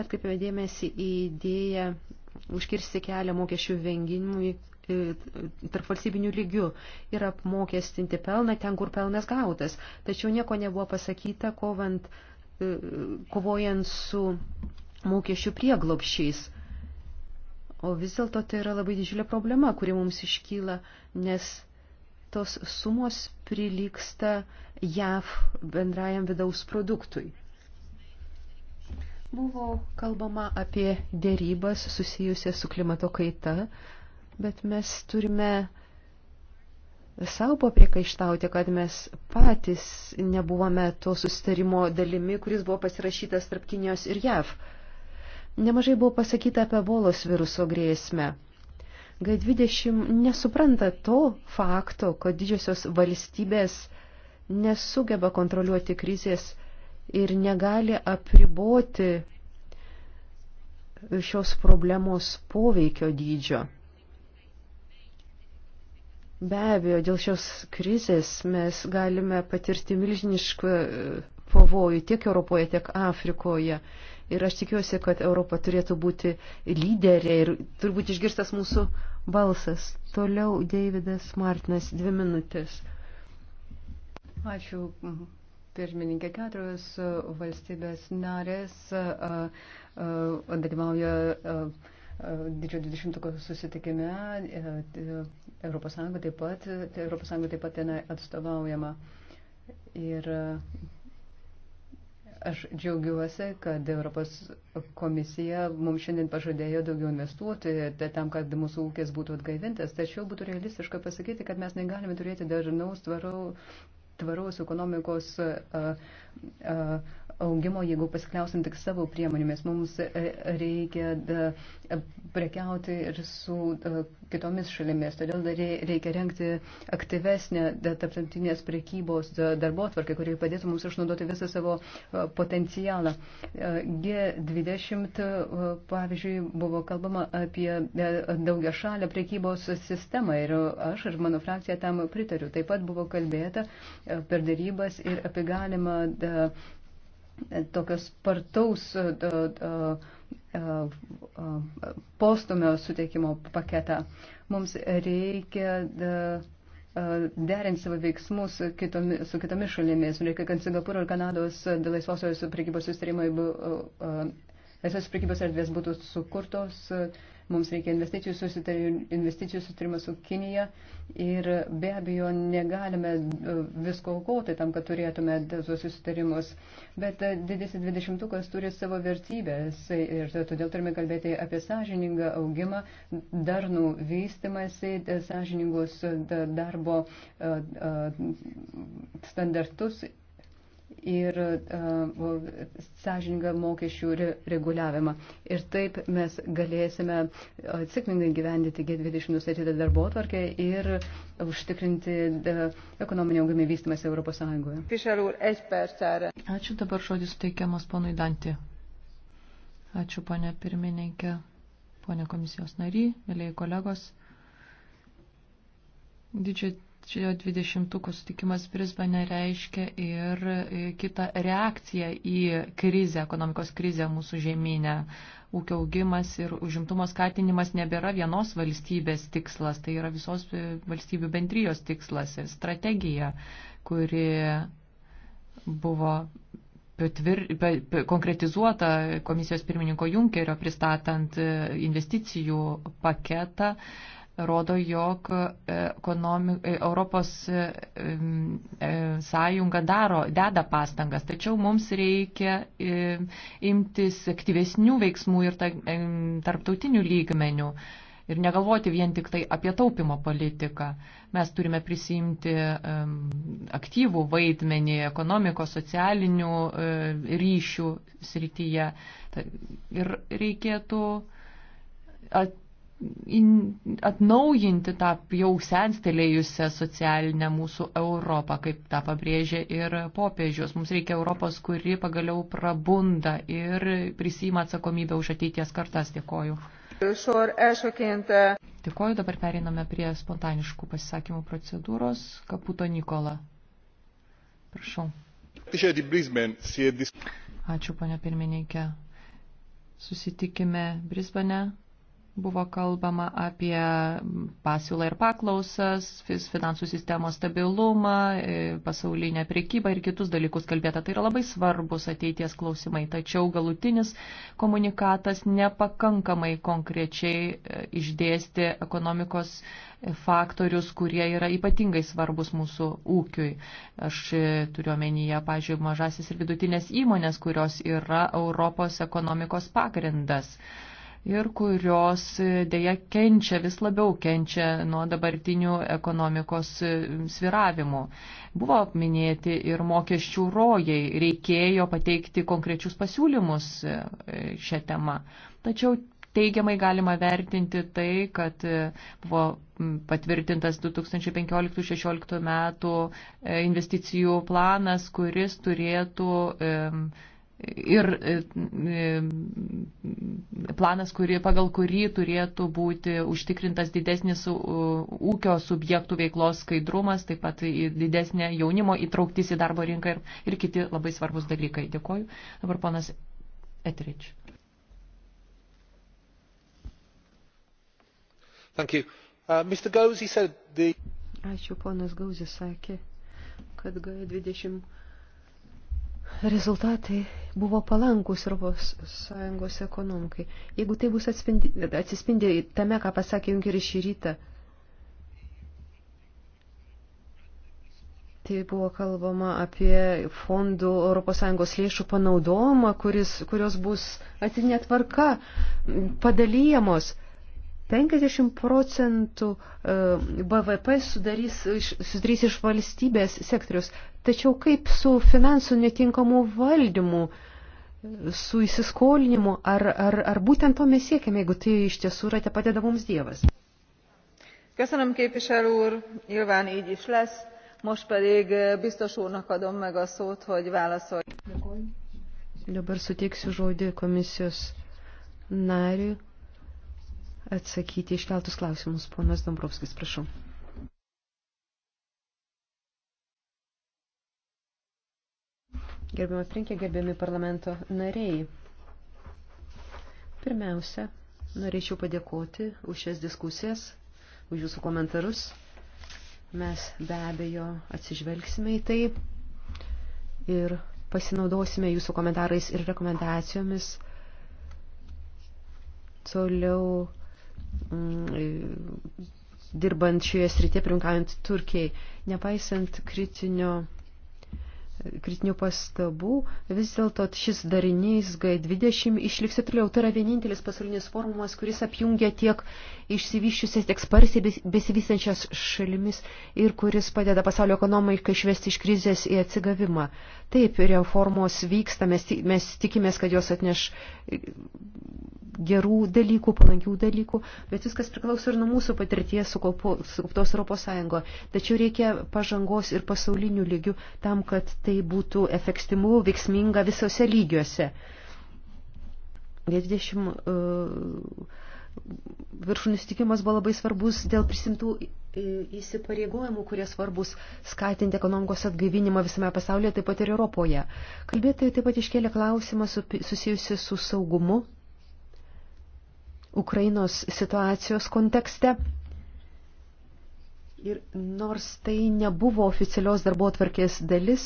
Speaker 1: atkreipėme dėmesį į idėją užkirsti kelią mokesčių vengimui e, tarp valstybinių lygių ir apmokestinti pelną ten, kur pelnas gautas. Tačiau nieko nebuvo pasakyta, kovant, e, kovojant su mokesčių prieglopšiais. O vis dėlto tai yra labai didžiulė problema, kuri mums iškyla, nes tos sumos prilyksta JAV bendrajam vidaus produktui. Buvo kalbama apie dėrybas susijusią su klimato kaita, bet mes turime savo papriekaištauti, kad mes patys nebuvome to susitarimo dalimi, kuris buvo pasirašytas tarp Kinijos ir JAV. Nemažai buvo pasakyta apie bolos viruso grėsmę. G20 nesupranta to fakto, kad didžiosios valstybės nesugeba kontroliuoti krizės ir negali apriboti šios problemos poveikio dydžio. Be abejo, dėl šios krizės mes galime patirti milžinišką pavojų tiek Europoje, tiek Afrikoje. Ir aš tikiuosi, kad Europa turėtų būti lyderė ir turbūt išgirstas mūsų balsas. Toliau Davidas Martinas, dvi minutės.
Speaker 4: Ačiū. Pirmininkė keturios e, valstybės narės e, e, dalyvauja didžiojo dvidešimtuko susitikime. Europos Sąjunga taip pat, Europos Sąjunga taip pat tenai atstovaujama. Ir Aš džiaugiuosi, kad Europos komisija mums šiandien pažadėjo daugiau investuoti tai tam, kad mūsų ūkis būtų atgaivintas. Tačiau būtų realistiška pasakyti, kad mes negalime turėti dažnaus tvaraus tvaraus ekonomikos augimo, jeigu pasikliausim tik savo priemonėmis. Mums e, reikia prekiauti ir su kitomis šalimis. Todėl reikia renkti aktyvesnę tarptautinės prekybos darbo atvarkę, kuri padėtų mums išnaudoti visą savo potencialą. G20, pavyzdžiui, buvo kalbama apie daugia šalę prekybos sistemą ir aš ir mano frakcija tam pritariu. Taip pat buvo kalbėta per darybas ir apie galimą da, e, tokios spartaus e, e, postumio suteikimo paketą. Mums reikia da, derinti savo veiksmus kitomis, su kitomis šalimis. Reikia, kad Singapūro ir Kanados laisvosios prekybos sustarimai, laisvosios prekybos erdvės būtų sukurtos Mums reikia investicijų, susitar, investicijų sutarimą su Kinija ir be abejo negalime e, visko aukoti tam, kad turėtume tuos susitarimus. Bet e, didysis dvidešimtukas turi savo vertybės ir todėl turime kalbėti apie sąžiningą augimą, darnų vystimąsi, e, sąžiningus darbo standartus ir uh, sąžiningą mokesčių re reguliavimą. Ir taip mes galėsime uh, sėkmingai gyvendyti G20 nustatytą darbo atvarkę ir užtikrinti uh, ekonominį augimį vystimas Europos Sąjungoje.
Speaker 3: Ačiū dabar žodis suteikiamas ponui Dantį. Ačiū ponė pirmininkė, ponė komisijos nary, mėlyi kolegos. Didžiai Čia 20-ukų sutikimas Brisbane reiškia ir e, kitą reakciją į krizę, ekonomikos krizę mūsų žemynę. Ūkio augimas ir užimtumo skatinimas nebėra vienos valstybės tikslas, tai yra visos e, valstybių bendrijos tikslas ir strategija, kuri buvo patvir, pa, pa, konkretizuota komisijos pirmininko Junkerio pristatant e, investicijų paketą. E, rodo, jog e, ekonomik, e, Europos e, sąjunga daro, deda pastangas, tačiau mums reikia imtis aktyvesnių veiksmų ir tarptautinių lygmenių ir negalvoti vien tik tai apie taupimo politiką. Mes turime prisimti um, aktyvų vaidmenį ekonomikos, socialinių um, ryšių srityje. Ir reikėtų at, atnaujinti tą jau senstelėjusią socialinę mūsų Europą, kaip tą pabrėžė ir popiežius. Mums reikia Europos, kuri pagaliau prabunda ir prisima atsakomybę už ateities kartas. Dėkoju.
Speaker 5: E,
Speaker 3: Dėkoju, dabar periname prie spontaniškų pasisakymų procedūros. Kaputo Nikola. Prašau. Ačiū, ponia pirmininkė. Susitikime Brisbane buvo kalbama apie pasiūlą ir paklausas, finansų sistemos stabilumą, e, pasaulinę priekybą ir kitus dalykus kalbėta. Tai yra labai svarbus ateities klausimai, tačiau galutinis komunikatas nepakankamai konkrečiai e, išdėsti ekonomikos faktorius, kurie yra ypatingai svarbus mūsų ūkiui. Aš e, turiu omenyje, pažiūrėjau, mažasis ir vidutinės įmonės, kurios yra Europos ekonomikos pagrindas. Uh, ir kurios e, dėja kenčia, vis labiau kenčia nuo dabartinių ekonomikos e, sviravimų. Buvo minėti ir mokesčių rojai, reikėjo pateikti konkrečius pasiūlymus e, šią temą. Tačiau teigiamai galima vertinti tai, kad buvo patvirtintas 2015-2016 metų investicijų planas, kuris turėtų ir e, e, planas, kuri, pagal kurį turėtų būti užtikrintas didesnis ūkio subjektų veiklos skaidrumas, taip pat didesnė jaunimo įtrauktis į darbo rinką ir, ir kiti labai svarbus dalykai. Dėkoju. Dabar ponas Etrič.
Speaker 2: Uh, the...
Speaker 1: Ačiū, ponas Gauzis sakė, kad G20 rezultatai buvo palankus Europos Sąjungos ekonomikai. Jeigu tai bus atspindi, atsispindi tame, ką pasakė Junkeris šį rytą, tai buvo kalbama apie fondų Europos Sąjungos lėšų panaudojimą, kuris, kurios bus atsinė tvarka padalyjamos. 50 procentų e, BVP sudarys, sudarys iš valstybės sektorius. Tačiau kaip su finansų netinkamu valdymu, su įsiskolinimu, ar, ar, ar būtent to mes siekiame, jeigu tai iš tiesų yra te padeda mums Dievas?
Speaker 5: Köszönöm képviselő úr, nyilván így is lesz. Most pedig e, biztos úrnak adom meg a szót, hogy válaszolj.
Speaker 1: Dabar suteiksiu žodį komisijos nariui atsakyti iškeltus klausimus. Ponas Dombrovskis, prašau. Gerbiamas rinkė, gerbiami parlamento nariai. Pirmiausia, norėčiau padėkoti už šias diskusijas, už jūsų komentarus. Mes be abejo atsižvelgsime į tai ir pasinaudosime jūsų komentarais ir rekomendacijomis toliau Mm, dirbant šioje srityje, prinkaujant Turkijai, nepaisant kritinio, kritinių pastabų, vis dėlto šis darinys G20 išliks ir toliau. Tai yra vienintelis pasaulinis formumas, kuris apjungia tiek išsivyščiusias, tiek sparsiai besivystančias šalimis ir kuris padeda pasaulio ekonomikai išvesti iš krizės į atsigavimą. Taip, reformos vyksta, mes, mes tikimės, kad jos atneš gerų dalykų, palankių dalykų, bet viskas priklauso ir nuo mūsų patirties sukauptos Europos Sąjungo. Tačiau reikia pažangos ir pasaulinių lygių tam, kad tai būtų efektyvu, veiksminga visose lygiuose. 20 uh, e, viršūnių tikimas buvo labai svarbus dėl prisimtų e, įsipareigojimų, kurie svarbus skatinti ekonomikos atgaivinimą visame pasaulyje, taip pat ir Europoje. Kalbėtojai taip pat iškėlė klausimą susijusi su saugumu Ukrainos situacijos kontekste. Ir nors tai nebuvo oficialios darbo atvarkės dalis,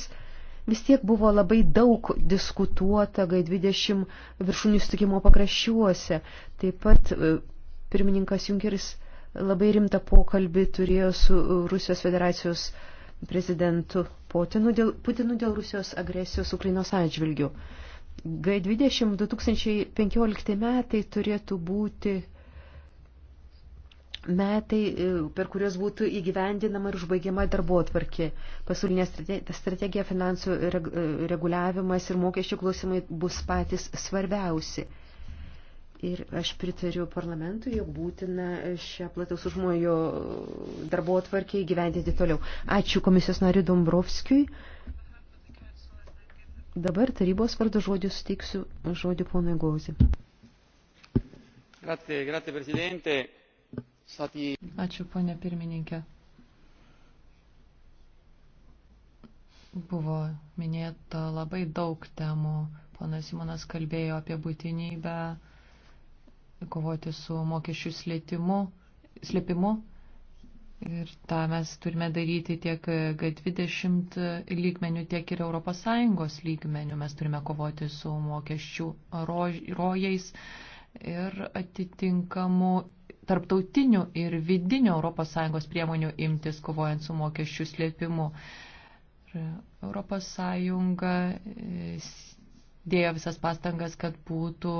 Speaker 1: vis tiek buvo labai daug diskutuota G20 viršūnių sutikimo pakraščiuose. Taip pat e, pirmininkas Junkeris labai rimtą pokalbį turėjo su Rusijos federacijos prezidentu Putinu dėl, Putinu dėl Rusijos agresijos Ukrainos atžvilgių. G20 2015 metai turėtų būti metai, e, per kuriuos būtų įgyvendinama ir užbaigiama darbo atvarkė. Pasaulinė strategija, finansų e, reguliavimas ir mokesčių klausimai bus patys svarbiausi. Ir aš pritariu parlamentui, jog būtina šią plataus užmojo darbo atvarkį įgyvendinti toliau. Ačiū komisijos nariu Dombrovskijui. Dabar tarybos vardu žodį suteiksiu žodį ponui Gauzi. Ačiū, ponė pirmininkė.
Speaker 3: Buvo minėta labai daug temų. Ponas Simonas kalbėjo apie būtinybę kovoti su mokesčių slėpimu, Ir tą mes turime daryti tiek G20 lygmenių, tiek ir ES lygmenių. Mes turime kovoti su mokesčių rojais ir atitinkamų tarptautinių ir vidinių ES priemonių imtis kovojant su mokesčių slėpimu. ES e, dėjo visas pastangas, kad būtų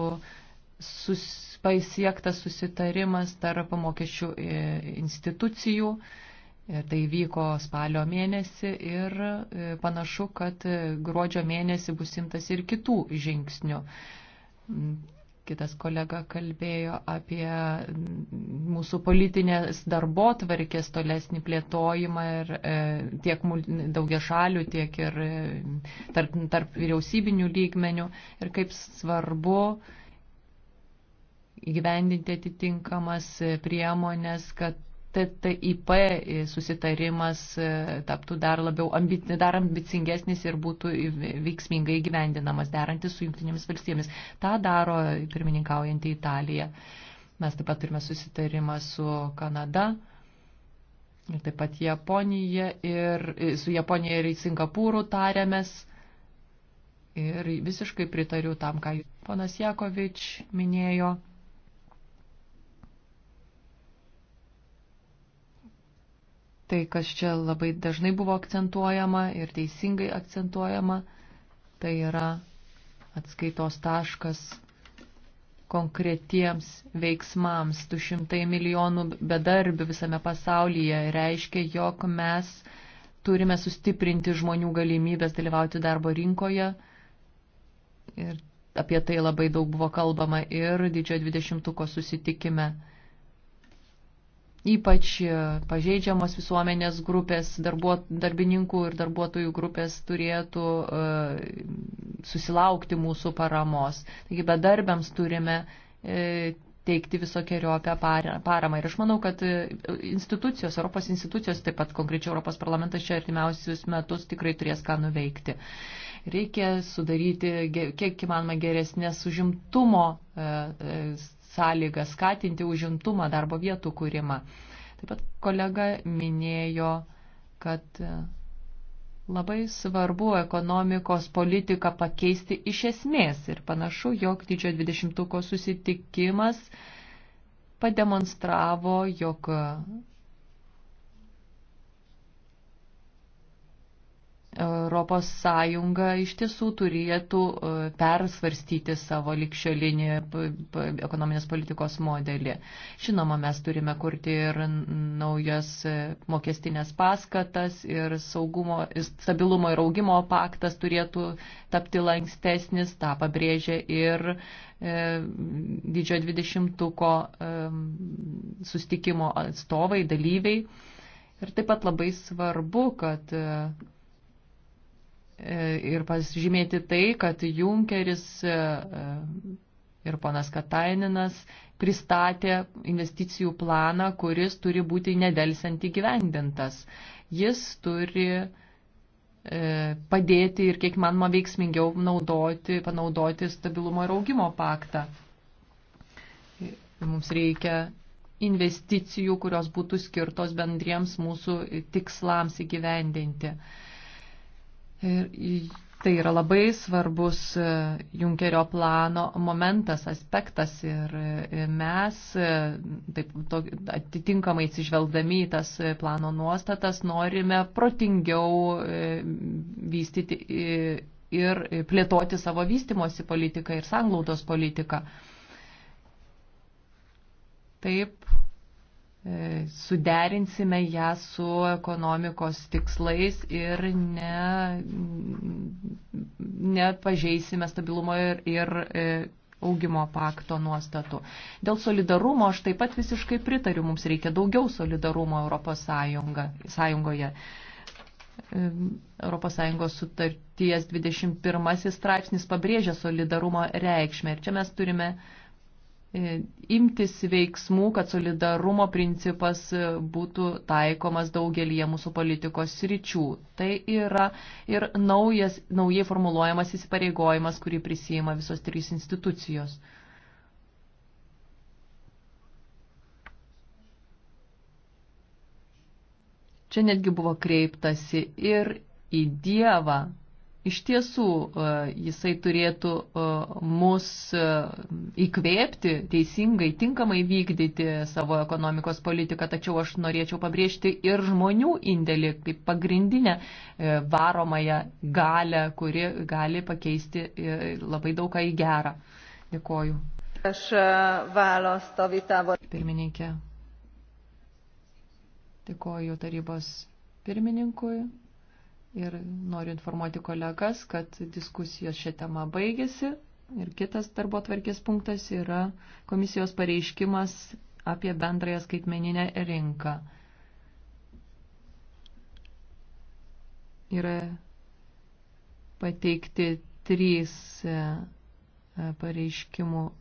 Speaker 3: sus, pasiektas susitarimas tarp mokesčių e, institucijų. Tai vyko spalio mėnesį ir e, panašu, kad e, gruodžio mėnesį bus imtas ir kitų žingsnių. Mm, kitas kolega kalbėjo apie mm, mūsų politinės darbo tvarkės tolesnį plėtojimą ir e, tiek daugia šalių, tiek ir tarp, tarp vyriausybinių lygmenių ir kaip svarbu e, įgyvendinti atitinkamas priemonės, kad TTIP susitarimas e, taptų dar labiau ambic, dar ambicingesnis ir būtų veiksmingai gyvendinamas derantis su jungtinėmis valstybėmis. Ta daro pirmininkaujantį Italiją. Mes taip pat turime susitarimą su Kanada. Ir taip pat Japonija ir e, su Japonija ir Singapūru tarėmės. Ir visiškai pritariu tam, ką ponas Jakovič minėjo tai, kas čia labai dažnai buvo akcentuojama ir teisingai akcentuojama, tai yra atskaitos taškas konkretiems veiksmams. 200 milijonų bedarbių visame pasaulyje reiškia, jog mes turime sustiprinti žmonių galimybės dalyvauti darbo rinkoje. Ir apie tai labai daug buvo kalbama ir didžiojo dvidešimtuko susitikime. Ypač e, pažeidžiamos visuomenės grupės, darbuot, darbininkų ir darbuotojų grupės turėtų uh, susilaukti mūsų paramos. Taigi bedarbiams turime uh, teikti visokiojopę paramą. Ir aš manau, kad institucijos, Europos institucijos, taip pat konkrečiai Europos parlamentas čia artimiausius metus tikrai turės ką nuveikti. Reikia sudaryti kiek įmanoma geresnės užimtumo sąlygas, skatinti užimtumą, darbo vietų kūrimą. Taip pat kolega minėjo, kad labai svarbu ekonomikos politiką pakeisti iš esmės ir panašu, jog didžiojo dvidešimtuko susitikimas pademonstravo, jog Europos Sąjunga iš tiesų turėtų e, persvarstyti savo likščiolinį ekonominės politikos modelį. Žinoma, mes turime kurti ir naujas e, mokestinės paskatas ir saugumo, stabilumo ir augimo paktas turėtų tapti lankstesnis, tą pabrėžia ir e, didžiojo dvidešimtuko sustikimo atstovai, dalyviai. Ir taip pat labai svarbu, kad E, ir pasižymėti tai, kad Junkeris e, e, ir ponas Kataininas pristatė investicijų planą, kuris turi būti nedelsiant įgyvendintas. Jis turi padėti ir kiek manoma veiksmingiau naudoti, panaudoti stabilumo ir augimo paktą. Mums reikia investicijų, kurios būtų skirtos bendriems mūsų tikslams įgyvendinti. Uh, Ir tai yra labai svarbus e, Junkerio plano momentas, aspektas ir e, mes, e, taip, to, atitinkamai atsižvelgdami į tas plano nuostatas, norime protingiau vystyti ir plėtoti savo vystimosi politiką ir sanglaudos politiką. Taip, E, suderinsime ją su ekonomikos tikslais ir ne, nepažeisime stabilumo ir, ir e, augimo pakto nuostatų. Dėl solidarumo aš taip pat visiškai pritariu, mums reikia daugiau solidarumo Europos Sąjunga, Sąjungoje. E, Europos Sąjungos sutarties 21 straipsnis pabrėžia solidarumo reikšmę ir čia mes turime uh, E, imtis veiksmų, kad solidarumo principas e, būtų taikomas daugelie mūsų politikos sričių. Tai yra ir naujas, naujai formuluojamas įsipareigojimas, kurį prisijima visos trys institucijos. Čia netgi buvo kreiptasi ir į Dievą, Iš tiesų, e, jisai turėtų e, mus e, įkvėpti teisingai, tinkamai vykdyti savo ekonomikos politiką, tačiau aš norėčiau pabrėžti ir žmonių indėlį kaip pagrindinę varomąją galę, kuri gali pakeisti labai daugą į gerą. Dėkoju.
Speaker 5: Aš valostą vitavo.
Speaker 3: Pirmininkė. Dėkoju tarybos pirmininkui. Ir noriu informuoti kolegas, kad diskusijos šią temą baigėsi. Ir kitas darbo tvarkės punktas yra komisijos pareiškimas apie bendrąją skaitmeninę rinką. Yra pateikti trys e, pareiškimų